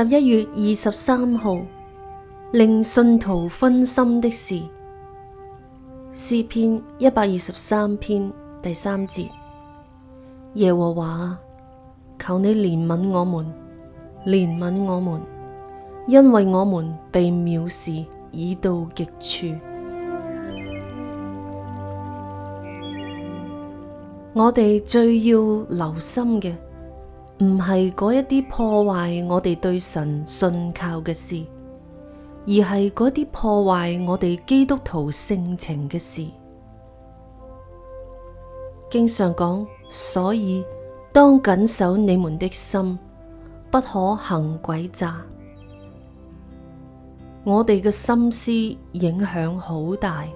十一月二十三號令信徒分心的事，詩篇一百二十三篇第三節，耶和華啊，求你憐憫我們，憐憫我們，因為我們被藐視已到極處。我哋最要留心嘅。唔係嗰一啲破壞我哋對神信靠嘅事，而係嗰啲破壞我哋基督徒性情嘅事。經常講，所以當謹守你們的心，不可行詭詐。我哋嘅心思影響好大，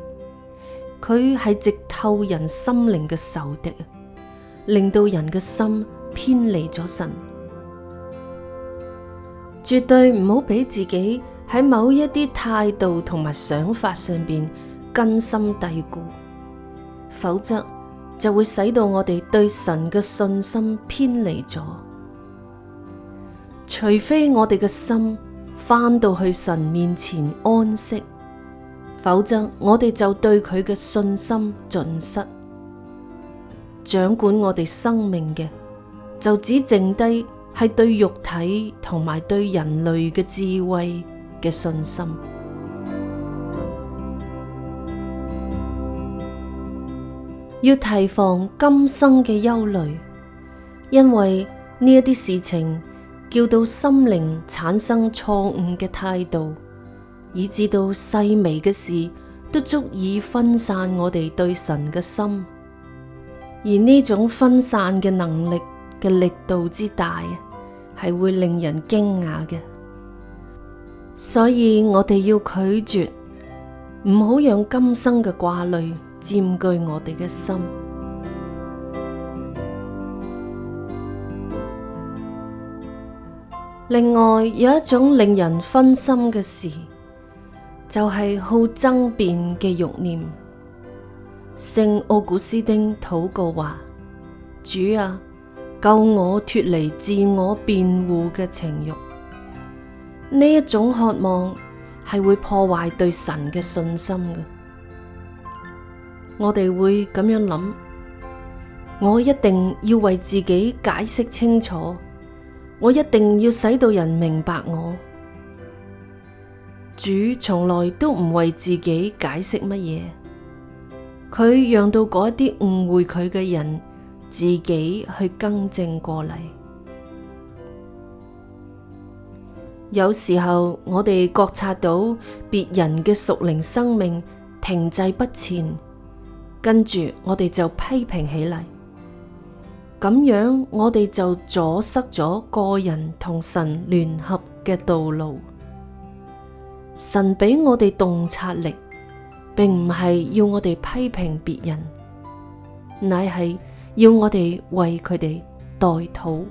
佢係直透人心靈嘅仇敵，令到人嘅心。偏離咗神，絕對唔好俾自己喺某一啲態度同埋想法上邊根深蒂固，否則就會使到我哋對神嘅信心偏離咗。除非我哋嘅心翻到去神面前安息，否則我哋就對佢嘅信心盡失。掌管我哋生命嘅。就只剩低係對肉體同埋對人類嘅智慧嘅信心，要提防今生嘅憂慮，因為呢一啲事情叫到心靈產生錯誤嘅態度，以至到細微嘅事都足以分散我哋對神嘅心，而呢種分散嘅能力。嘅力度之大，係會令人驚訝嘅，所以我哋要拒絕，唔好讓今生嘅掛慮佔據我哋嘅心。另外，有一種令人分心嘅事，就係好爭辯嘅欲念。聖奧古斯丁禱告話：主啊！救我脫離自我辯護嘅情欲，呢一種渴望係會破壞對神嘅信心嘅。我哋會咁樣諗：我一定要為自己解釋清楚，我一定要使到人明白我。主從來都唔為自己解釋乜嘢，佢讓到嗰啲誤會佢嘅人。自己去更正過嚟。有時候我哋覺察到別人嘅屬靈生命停滯不前，跟住我哋就批評起嚟。咁樣我哋就阻塞咗個人同神聯合嘅道路。神俾我哋洞察力，並唔係要我哋批評別人，乃係。要我哋為佢哋代禱。